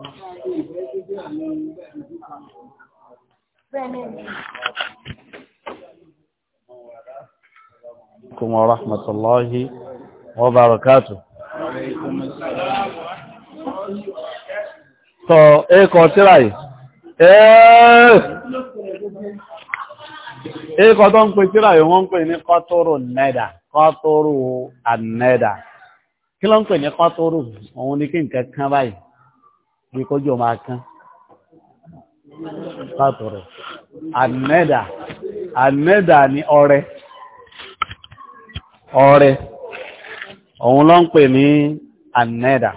عليكم ورحمة الله وبركاته So, ẹ e kọ tíra yìí. Ẹ e! e kọ tó ń pè tíra yìí, wọ́n ń pè ní kọ́tòrò nẹ́dà, kọ́tòrò bí kọjọ máa kán látọ̀rẹ̀ ànẹ́dà ànẹ́dà ní ọrẹ ọrẹ òun ló ń pè ní ànẹ́dà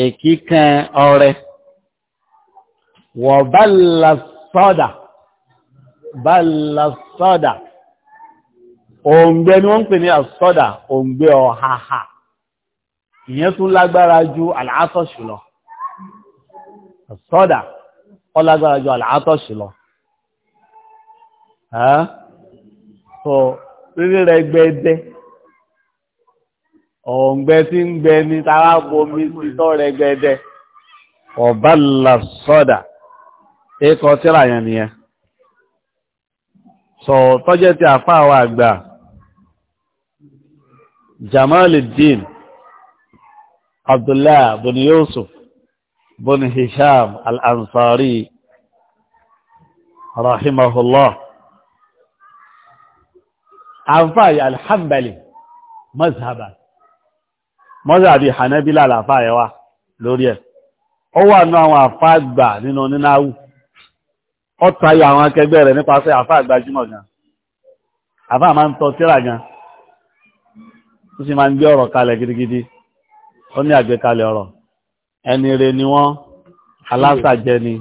èkíkan ọrẹ wọ̀ bá lásọ́dà bá lásọ́dà òǹgbẹ ni wọ́n ń pè ní àsọ́dà òǹgbẹ ọ̀háhà ìyẹn tún lágbára ju àlàásọ̀ṣù lọ sọ́dà ọlágbára ju àlàátọ̀ṣì lọ so rírí rẹ gbẹdẹ ọ̀ǹgbẹ tí ń gbẹ ní tara bomi títọ́ rẹ gbẹdẹ ọ̀bá là sọ́dà ẹ̀kọ́ tíra yẹn nìyẹn so tọ́jẹ́ ti àfáà wa àgbà Abdullah abdullahi Yusuf بن هشام الأنصاري رحمه الله عفاي الحنبلي مذهبا مذهبي حنابلة العفاي واحد lórí ẹ̀ ó wà ní àwọn àfáàgbà nínú nínáwó ó tayọ àwọn akẹgbẹ́ rẹ̀ nípasẹ̀ àfáàgbà jùmọ̀ gan àfáà máa ń tọ síra gan ó sì máa ń gbé ọ̀rọ̀ kalẹ̀ gidigidi ó ní àgbékalẹ̀ ọ̀rọ̀ ẹni rẹ ni wọ́n alásàjẹ́ ni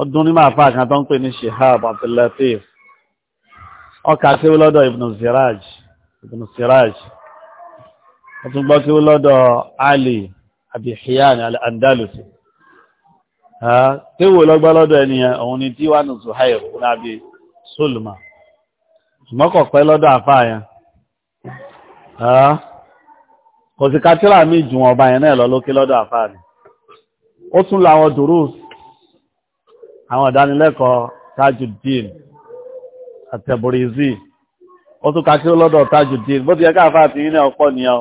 ọdún ní máa fà kan tó ń pè ní shehab abdullatif ọkà kéwú lọ́dọ̀ ibnu siraj ibnu siraj ó tún gbọ́ kéwú lọ́dọ̀ ali abihiyan al-andalusi kéwú lọ́gbọ́ lọ́dọ̀ ẹniyàn òun ni díwánu zuhair onabi sulma ṣùgbọ́n kọ̀ pẹ́ lọ́dọ̀ àfáàyàn kò sí kátírà mí jù wọn ọba yẹn náà lókè lọ́dọ̀ àfáàní ó tún láwọn durus àwọn ìdánilẹ́kọ̀ọ́ tajudin, àtẹ̀bùrìzì ó tún kakíró lọ́dọ̀ tajudin, bó ti yẹ káàfà àti yìí ní ọ̀pọ̀ nìyàn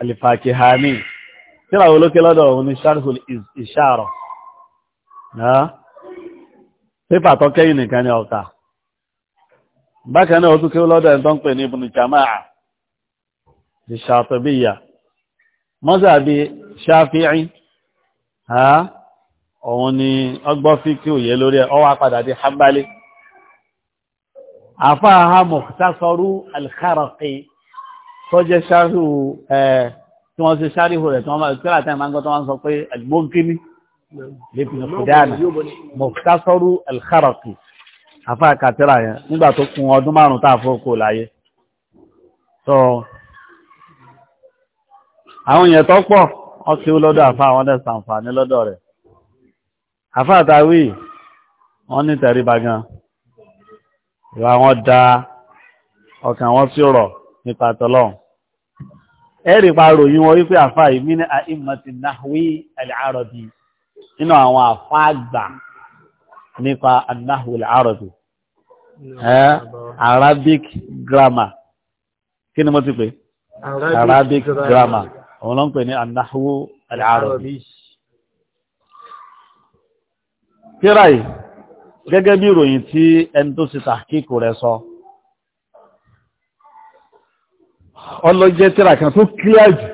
alifakihani tí ìràwọ̀ olókè lọ́dọ̀ òun ni sharhul ishara pépà tó kẹ́yìn nìkan ni ọ̀ka bákan náà ó tún kíró lọ́dọ̀ ẹ̀ tó ń pè ní ibùn jama'a ìṣàtọ̀bíyà mọ́sàbí ṣáfíì ha òun ni ọgbọ́n fi kí òye lórí ẹ̀ ọwá padà dé hanbali àfáàhá mọ̀tásọrú alkharaqi tó jẹ́ ṣáríhù ẹ̀ tí wọ́n ṣe ṣáríhù rẹ̀ tí wọ́n máa tíra tẹ́ máa ń gọ́ tó wọ́n sọ pé agbóńkíní lẹ́pìn kùdánà mọ̀tásọrú alkharaqi àfáà kàtíra yẹn nígbà tó kún ọdún márùn-ún táà fọ́ láyé àwọn èèyàn tó pọ̀ wọ́n kí ó lọ́dọ̀ àfá àwọn dẹ̀ sàǹfààní lọ́dọ̀ rẹ̀ àfá àtàwí wọ́n ní tẹríba gan ìwà wọn da ọkàn wọn tí ó rọ̀ nípa tọlọ́hun ẹ̀rì pa ròyìn wọn wípé àfá yìí ní àìmọ̀tì nahwi al-arabi nínú àwọn àfá àgbà nípa nahwi al-arabi Arabic grammar kí ni mo ti pè Arabic grammar òun ló ń pè ní anáhùwò aláàrọ̀bí kíra yìí gẹ́gẹ́ bí ìròyìn tí ẹni tó ti tàkíkù rẹ̀ sọ ọlọ́jẹ́ tíra kan tó kílíà jù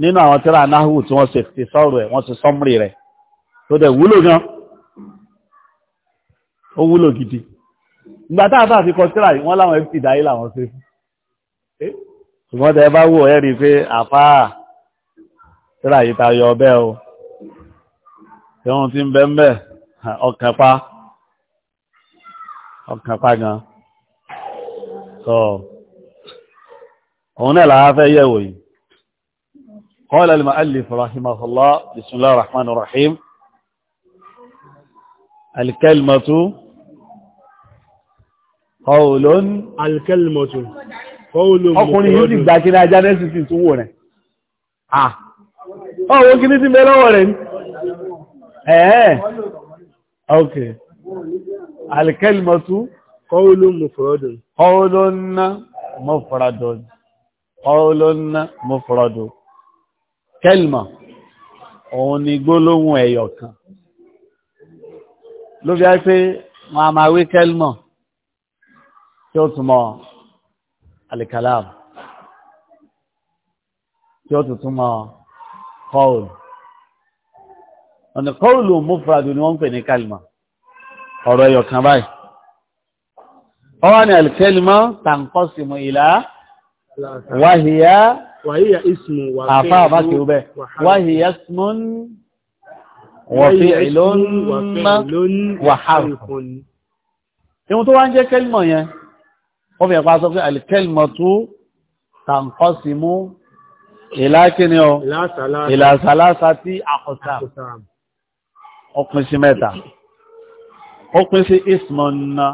nínú àwọn tíra anáhùwò tí wọ́n ṣe fi sọ́rọ̀ ẹ̀ wọ́n ṣe sọ́mùrì rẹ̀ tó dẹ̀ wúlò gan ó wúlò gidi ìgbà táà fi kọ tíra yìí wọ́n láwọn fc dáyé làwọn ṣe fún ṣùgbọ́n tẹ bá wò ẹ́ rí i pé àfáà tíra yìí ta yọ ọbẹ̀ o tí wọ́n ti ń bẹ́ ń bẹ̀ ọkàn pa ọkàn pa gan so òun náà làá fẹ́ yẹ̀wò yìí قال المؤلف رحمه الله بسم الله الرحمن الرحيم الكلمة قول الكلمة ọkùnrin yóò ti gbà kí ní ajá nẹ́sìtì tó wò rẹ̀ ọwọ́ kí ní ti mẹ́ lọ́wọ́ rẹ̀ ẹ̀ẹ́ ok alkelimọ̀tú kọ́ọ̀lù mọ̀fọ́rọ̀dùn kọ́ọ̀lù ńná mọ̀fọ́rọ̀dùn kọ́ọ̀lù ńná mọ̀fọ́rọ̀dùn kẹlìmọ̀ òun ni gbólóhùn ẹ̀yọ̀ kan ló bí á pé wọn a máa wí kẹlìmọ̀ tí ó túnmọ̀ alikalam tí ó tuntun mọ́ kọ́ọ̀lù ọ̀nà kọ́ọ̀lù mufradu ni wọ́n ń pè ní kalima ọ̀rọ̀ ẹyọ kan báyìí ọwọ́ ni alikalima tanqasimu ila wáhíyá àfá àbákì wáhíyá ismun wa fi'lun wa ìwọ̀n tó wá ń jẹ́ kẹ́lìmọ̀ yẹn wọ́n fi ẹ̀pá sọ pé alikẹ́lìmọ̀tú tàǹkọ́símú ìlàkíní ọ ìlàsàlásà tí àkọsà ọkùn sí mẹ́ta ó pín sí ismọ̀nà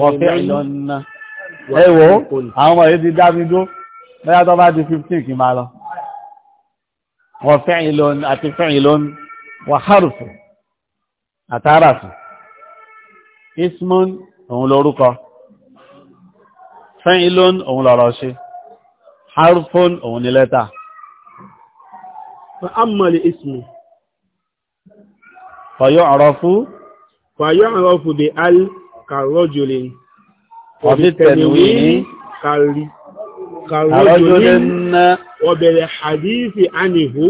wọ̀fẹ́ ìlọ́nà ẹwọ́ àwọn ọmọ yìí ti dábídó mẹ́ta tó bá di 15 kì máa lọ wọ̀fẹ́ ìlọ́nà àti fẹ́ ìlọ́nà wàhálùfẹ́ àtàràfẹ́ ismọ̀n òun lórúkọ fẹ́ìlón òun lọ́rọ̀ ṣe harfon òun ni lẹ́ta fa'ammali ismu fayọ́ ọ̀rọ̀ fún fayọ́ ọ̀rọ̀ fún bí al karojulin ọ̀bí tẹ̀lúwí karojulin ọbẹ̀rẹ̀ hadithi anihu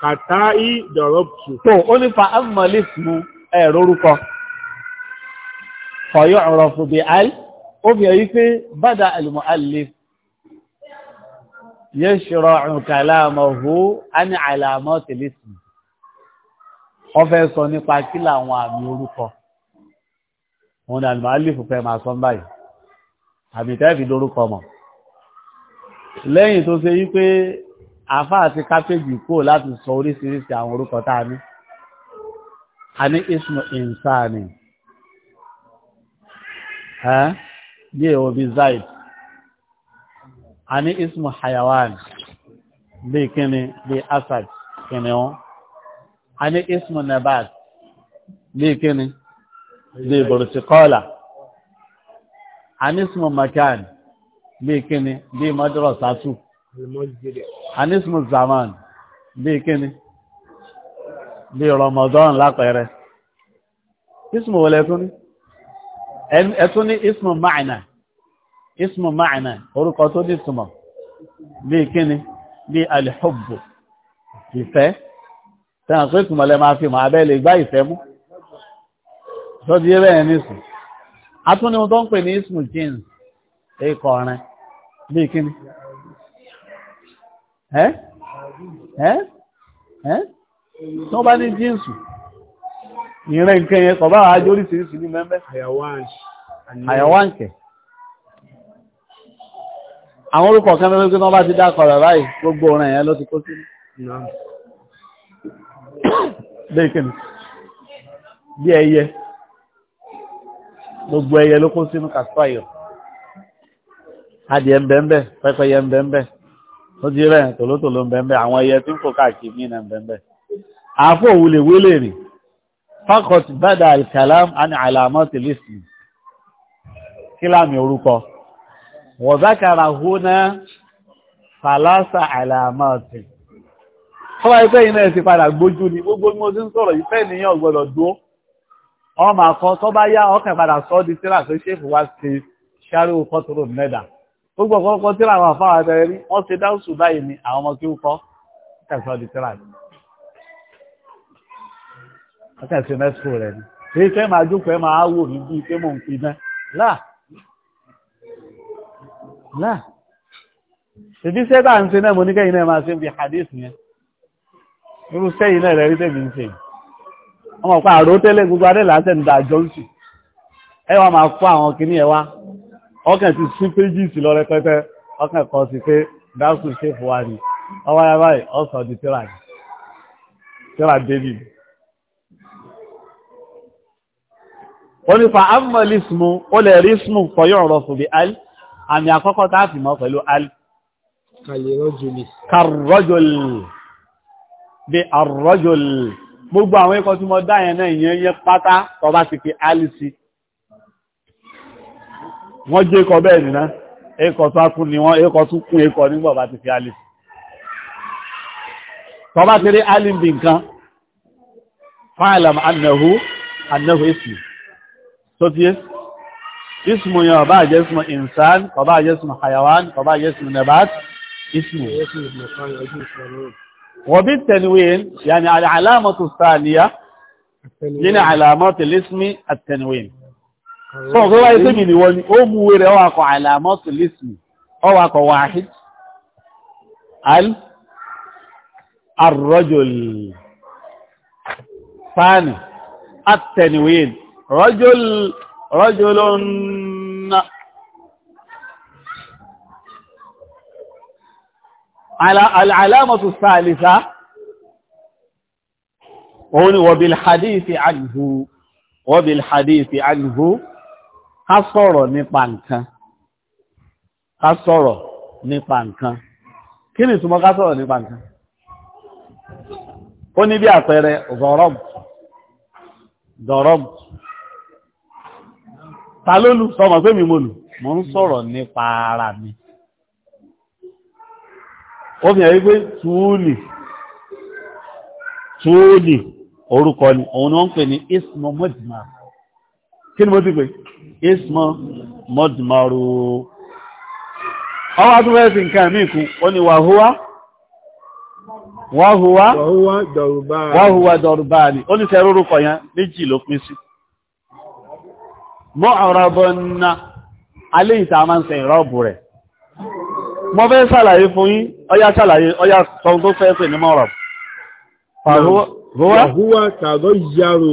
kàtàí dọ̀rọ̀pù tó ó ní fa'ammali ismu ẹ̀rọ fayọ́ ọ̀rọ̀ fún bí obìnrin yìí pé bada al-mu'allif yashra'u kalamahu an alamatil ism wọ́n fẹ́ sọ nípa kí làwọn àmì orúkọ wọn ni al-mu'allif fẹ́ máa sọ báyìí àmì tẹ́ẹ̀fì lórúkọ mọ̀ lẹ́yìn tó ṣe wípé àfá àti kápẹ́jì kó láti sọ oríṣiríṣi àwọn orúkọ táa ní a ní ismu insani ẹ́ yíò bí zaid a ní ismu hayawan bí kíni bí asad kíni wọn a ní ismu nabat bí kíni bí burtikola a ní ismu makan bí kíni bí madrasatu a ismu zaman bí kíni bí ramadan lápẹẹrẹ ismu wọlé tún ẹ̀tún ní ismu ma'ina ismu ma'ina orúkọ tó ní ìtumọ̀ bí kíni bí alìhubbu ìfẹ́ tẹ́nà tó ìtumọ̀ lẹ máa fi mọ̀ abẹ́ lè gbá ìfẹ́ mú tó di ẹbẹ́ ẹ̀ nísù atún ni wọ́n tó ń pè ní ismu jins ikọ̀ rẹ̀ bí kíni ẹ́ ẹ́ ẹ́ tó bá ní jínsù ìrìn nǹkan yẹn kọ̀bá àájò oríṣiríṣi ní mẹ́mẹ́ àyàwáǹkẹ̀ àwọn orúkọ kan mẹ́rin tó bá ti dákọ̀ rẹ̀ báyìí gbogbo ọ̀rọ̀ yẹn ló ti kó sí bí ẹyẹ gbogbo ẹyẹ ló kó sínú kàtọ́ ayọ̀ adìẹ mbẹ́mbẹ́ pẹ́pẹ́yẹ mbẹ́mbẹ́ ó ti rẹ̀ tòlótòló mbẹ́mbẹ́ àwọn ẹyẹ tí kó káàkiri ní mbẹ́mbẹ́ àáfò فقط bada الكلام عن علامات الاسم. كلام orúkọ وذكر هنا falasa علامات. ọba ìpẹ́ iná ẹ̀sìn padà gbójú ni gbogbo ní mo ti ń sọ̀rọ̀ ìfẹ́ nìyàn gbọ́dọ̀ dúó ọmọ akọ tó bá yá ọkàn padà sọ di tíra tó ṣèfù wá sí ṣáríwò kọ́tòrò mẹ́dà gbogbo ọkọ̀ tíra àwọn àfáwà tẹ̀lé wọ́n ti dáhùn sùn báyìí ni àwọn ọmọ kí ó kọ́ ọ̀sẹ̀ ṣe mẹ́sùkò rẹ̀ ni ṣe fẹ́ máa jókòó ẹ máa wò mí bíi pé mò ń fi náà láà láà ṣèbí sẹ́bà ń ṣe náà mo ní kẹ́yìn náà máa ṣe ń bi hadith yẹn irú sẹ́yìn náà rẹ̀ rí tẹ̀mí ń ṣe ọmọ pa àrò tẹ́lẹ̀ gbogbo adé láṣẹ ń da johnson ẹ wá máa kó àwọn kìíní ẹ wá ọkàn ti sí pages lọ rẹpẹtẹ ọkàn kan sí pé dáhùn ṣe fún wa ni ọwọ́ ara báyìí ọ̀sán di tẹ́lá tẹ́lá david ó ní fa amọ̀lísmù ó lè rí smù fọyọ́ ọ̀rọ̀ fòbí al àmì àkọ́kọ́ tá fi mọ́ pẹ̀lú al kàrọ́jòlì bí àrọ́jòlì gbogbo àwọn ikọ̀ tí mo dá yẹn ti rí al nǹkan fáìlàm annahu annahu ismi tó ti yé ismu yẹn ọba àjẹ́ ismu insan ọba àjẹ́ ismu hayawan ọba àjẹ́ ismu nabat ismu wọ̀bí tẹ̀nwìn yàní alámọ̀tò sáàníyà nínú alámọ̀tò lẹ́sìmí àtẹ̀nwìn fún ọ̀gbọ́n wáyé sẹ́mi ni wọ́n ni ó mú wẹ́rẹ̀ ọwàkọ̀ alámọ̀tò lẹ́sìmí ọwàkọ̀ wáhid al arrojul fani àtẹ̀nwìn رجل رجل على العلامة الثالثة وبالحديث عنه وبالحديث عنه hasọ̀rọ̀ nípa nǹkan hasọ̀rọ̀ nípa nǹkan kí ni túnmọ́ kásọ̀rọ̀ nípa nǹkan ó ní bí àpẹẹrẹ dọ̀rọ̀bù dọ̀rọ̀bù ta ló lù sọmọ̀ pé mi mo lù mo ń sọ̀rọ̀ nípa ara mi ó fi hàn wípé túùlì túùlì orúkọ ni òun ni wọ́n ń pè ní ismo mọ́dìmá kí ni mo ti pè ismo mọ́dìmá rúó ọwọ́ adúgbẹ́ sí nǹkan mí kún ó ní wàhúwá wàhúwá dọ̀rùbáàni ó ní sẹ́rú orúkọ yẹn méjì ló pín sí mọ́ọ̀rọ̀bọ̀nà alẹ́ ìta máa ń sẹ ìrọ́bù rẹ̀ mọ́ fẹ́ sàlàyé fún yín ọya sàlàyé ọya sọ tó fẹ́ pè ní mọ́ọ̀rọ̀bù Wàhúwà kàgọ́ ìyàrò.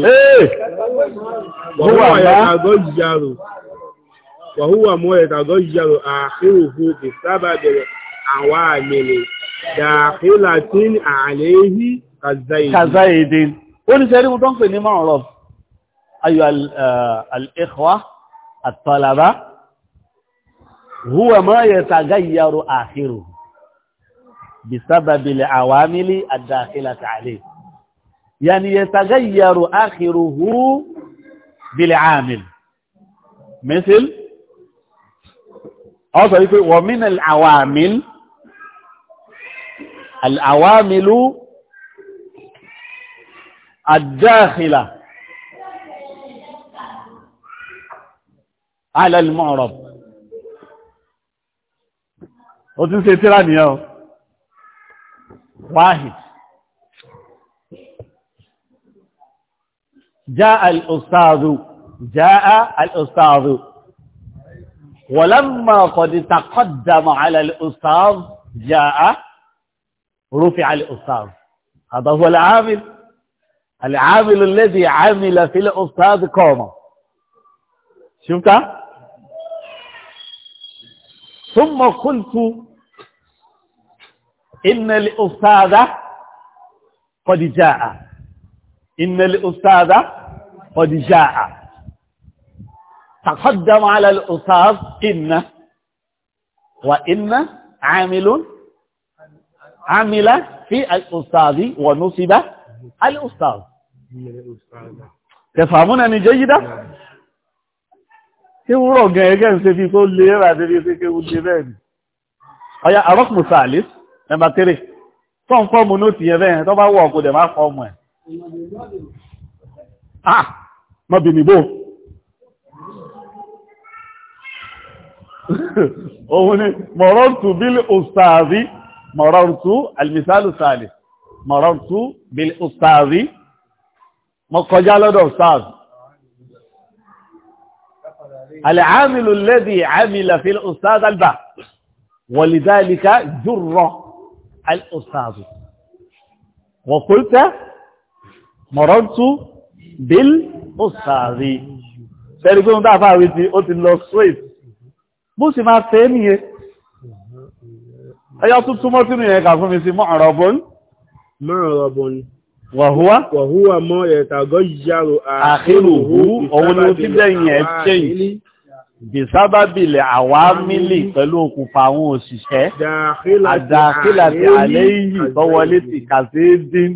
Wàhúwà mọ́ ẹ̀kàgọ́ ìyàrò àkíhùhù kì sábà bẹ̀rẹ̀ àwà àmìlẹ̀ dàkílà tí kàzáìdín. Ó ní sẹ́rí mú tó ń pè ní mọ́ọ̀rọ̀bù. أيها آه، الإخوة الطلبة هو ما يتغير آخره بسبب العوامل الداخلة عليه يعني يتغير آخره بالعامل مثل ومن العوامل العوامل الداخلة على المعرب ó tún ṣe tíra جاء الأستاذ جاء الأستاذ ولما قد تقدم على الأستاذ جاء رفع الأستاذ هذا هو العامل العامل الذي عمل في الأستاذ كوما شفتها ثم قلت إن الأستاذ قد جاء إن الأستاذ قد جاء تقدم على الأستاذ إن وإن عامل عمل في الأستاذ ونصب الأستاذ تفهمونني جيدا نعم. kí ń rọ̀ gan ẹgẹ́ ń ṣe fi tó lè rà dé bí kéke ó lè bẹ́ẹ̀ ni ọ̀yà àrọ́kùn sàálì nàmbà tẹ́rẹ̀ tó ń fọ́ọ̀mù nóòtì yẹn bẹ́ẹ̀ tó bá wọ̀ ọ̀kọ̀ dẹ̀ máa fọ́ọ̀mù ẹ̀ ah mọ́ bì níbò òun ni mọ̀rọ̀tù bílì ustazi mọ̀rọ̀tù alìmísàlù sàálì mọ̀rọ̀tù bílì ustazi mọ̀kọjá lọ́dọ̀ ustazi العامل الذي عمل في الأستاذ الباب ولذلك جر الأستاذ وقلت مررت بالأستاذ سيكون ده فاوتي قلت له سويت بوسي ما تاني ايا تبتو مرتين يا كافو ميسي معرب معرب wàhúwá wàhúwà mọ́ ẹ̀tàgọ́ ìyàrò àkírùhú òun ni ó ti dẹ̀yìn ẹ̀ change bìsábàbìlẹ̀ àwa mílì pẹ̀lú òkùnfà àwọn òṣìṣẹ́ àdàkílàtì àlẹ́ yìí tọ́wọlé ti kàzéédín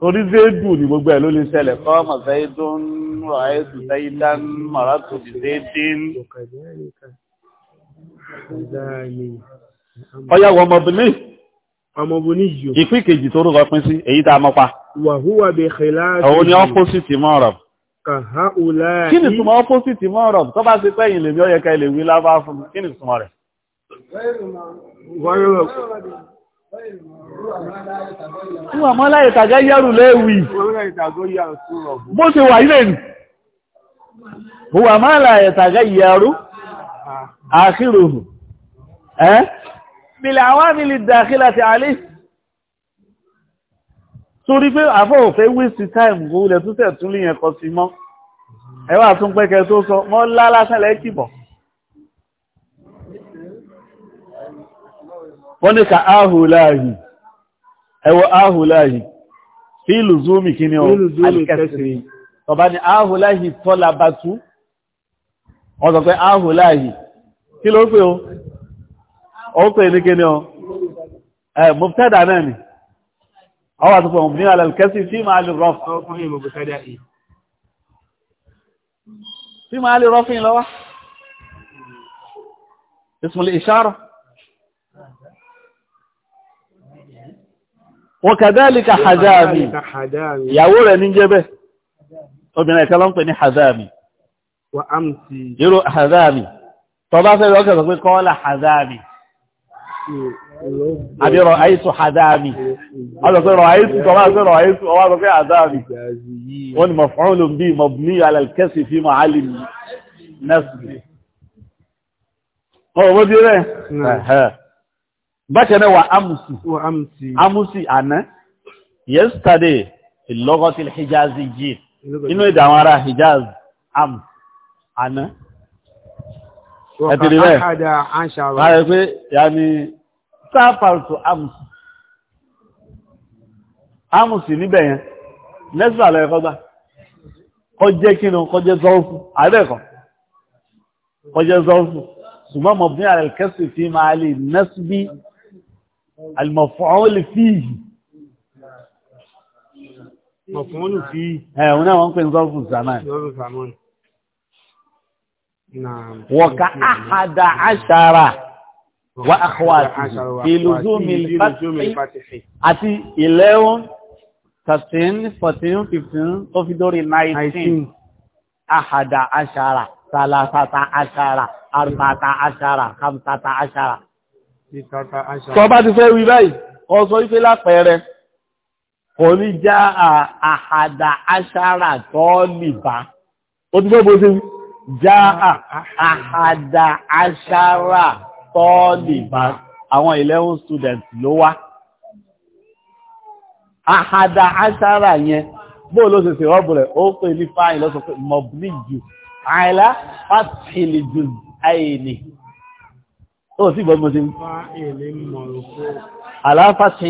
torí zéédù ní gbogbo ẹ̀ ló lè ṣẹlẹ̀ kọ́mọ̀ ọmọbùnìyò. ìpín kejì tó rúkọ pín sí èyí tá a mọ́ pa. wàhúwà bẹ xẹlá. òun ni ọ́pọ́sìtì mọ́ rọ̀. kàhá ọ̀la. kí ni sùnmọ́ ọ́pọ́sìtì mọ́ rọ̀ tó bá ṣe pẹ́yìn lèmi ọ̀yẹ́ ká ilé wí lábá fún mi kí ni sùnmọ́ rẹ̀. wà mọ́ láyé tàgá yẹ́rù léwu. bó ṣe wà ilé ni. wà mọ́ láyé tàgá yẹ́rù àkírò. ẹ́ بالعوامل الداخلة عليه torí pé àfọ́ òfẹ́ wíṣì táìmù kó lẹ̀ tó tẹ̀ tún lè yẹn kọ sí mọ́ ẹwà tún pẹ́kẹ́ tó sọ mọ́ lálásẹ̀lẹ̀ kìbọ̀ wọ́n ní ka áhùláàhì ẹwọ áhùláàhì fi ìlú zoomi kí ni ọ alìkẹsìrì ọba ni áhùláàhì òun pè ní kíni ọ ẹ mubtada náà ni ọwọ́ àtúpọ̀ òun ní alẹ́kẹ́sí fí máa lè rọ́f fí máa lè rọ́fin lọ́wọ́ ismul ishara wọ́n kàdálíkà hajjami ìyàwó rẹ̀ ní jẹ́bẹ̀ obìnrin ìkẹ́lọ́ ń pè ní hajjami yóò hajjami tọ́bá fẹ́ lọ́kẹ̀ sọ pé kọ́ọ́lá hajjami àbí rọ̀ àìsù àdáàmì ọlọ́pẹ́ rọ̀ àìsù tọ́wọ́ àti rọ̀ àìsù ọwọ́ àlọ́pẹ́ àdáàmì wọ́n ni mọ̀fún ló ń bí mọ̀bùnú alẹ́kẹ́sì fi mọ̀ alì nẹ́sì ọ̀rọ̀ bí rẹ̀ báṣẹ́ náà wà ámùsì ámùsì àná yesterday ìlọ́gọ́tí hijazi yìí inú èdè àwọn ará hijaz am àná ẹ̀tìrì sáfàrùtù amùsù amùsù níbẹ̀ yẹn nẹ́sùn àlọ́ ẹ̀kọ́ gbá kọjẹ́ kínú kọjẹ́ zọ́ọ̀fù àbẹ́ẹ̀kọ́ kọjẹ́ zọ́ọ̀fù ṣùgbọ́n mọ̀bí àrẹ̀kẹ́sì fi máa lè nẹ́sùbí àlùmọ̀fọ́ọ́lì fíìhì mọ̀fọ́ọ́lì fíìhì ẹ̀ òun náà wọ́n pè ń wa akhwatihi bi luzumil fathi àti 11, thirteen fourteen fifteen tó fi dórí nineteen ahada ashara salasata ashara arbata ashara kamsata ashara. tó bá ti fẹ́ wí báyìí ó sọ ife lápẹẹrẹ kò ní já ahada ashara tó nìbá O ti fẹ́ bó ṣe já ahada ashara tọ́ọ̀lìbá àwọn eleven students ló wá àhàdà aṣára yẹn bó ló ṣe ṣe rọ́bù rẹ̀ ó pè ní fáyìn lọ́sọ pé mọ̀bílì jù àìlá fásitì jù àìní ó sì gbọ́ mo ti ń aláfàṣì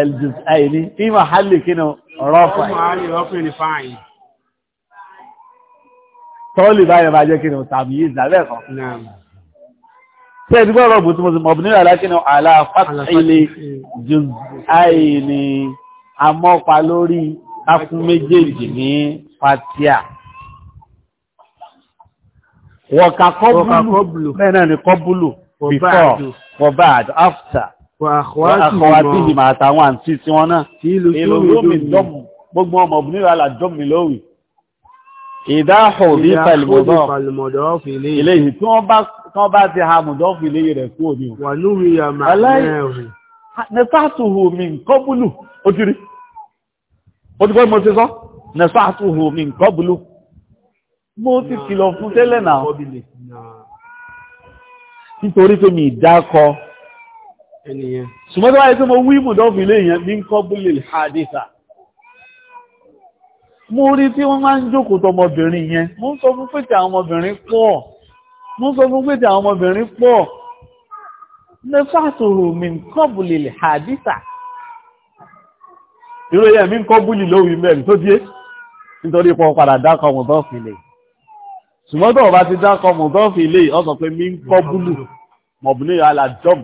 ẹ̀lùjù àìní tí mà hálì kí ni rọ́fà tọ́ọ̀lì báyẹ̀ máa jẹ́ kí ni tàbí ìzàlẹ̀ kan tẹ́ ẹ̀dúgbọ́ ọ̀rọ̀ bù tí mo sì mọ̀ bìnrin alákínà aláfàtàílé jùzáìní amọ́pa lórí akún méjèèjì ní fatia wọ̀ká kọ́bùlù bẹ́ẹ̀ náà ni kọ́bùlù before after àkọwàtíhì mà àtàwọn àǹtí tí wọ́n náà ìlú lómi dọ́mù gbogbo ọmọ bìnrin tí wọ́n bá tán bá ti ha mùdọ́fù ilé rẹ̀ kú òní wà lórí àmà mẹ́rin nẹ́sàtùhù mi nǹkan búlù ó ti rí ó ti gbọ́ mo ti sọ nẹ́sàtùhù mi nǹkan búlù mo ti kìlọ̀ fún tẹ́lẹ̀ náà nítorí pé mi ìdákọ ṣùgbọ́n tó wáyé tó mo wí mùdọ́fù ilé yẹn ní hadisa mo rí tí wọ́n máa ń jókòó tọmọbìnrin yẹn mo ń sọ fún pé tí àwọn ọmọbìnrin pọ̀ mú sọ fún pé tí àwọn ọmọbìnrin pọ̀ nefàtòrò mi kọ́bùlì hadita ìró yẹ mi kọ́bùlì lówí mẹ́rin tó díé nítorí pọ̀ padà dákọ̀ mọ̀dọ́fì ilé ṣùgbọ́n tó bá ti dákọ̀ mọ̀dọ́fì ilé ọ̀sọ̀ pé mi kọ́bùlù mọ̀bùnú alájọ́m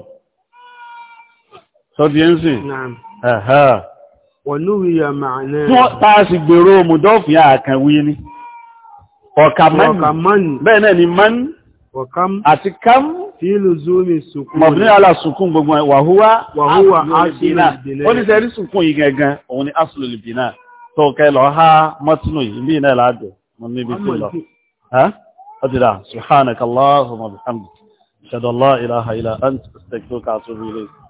tó díé ń sìn wọ̀núwìyà màánà táà sì gbèrò mọ̀dọ́fì àkànwí ni ọ̀kà náà àti kam mọ̀bìnrin alásùnkún gbogbo wàhúwá asùlùbìnà ó ní sẹ́rí sùnkún yìí gangan òun ni asùlùbìnà tó kẹ lọ ha mọ́tínú yìí bí iná ìlàdọ̀ mọ́ níbi tí lọ ọdíra subhanakallahumma bihamdik shadallah ilaha illa anta astaghfiruka wa atubu ilayk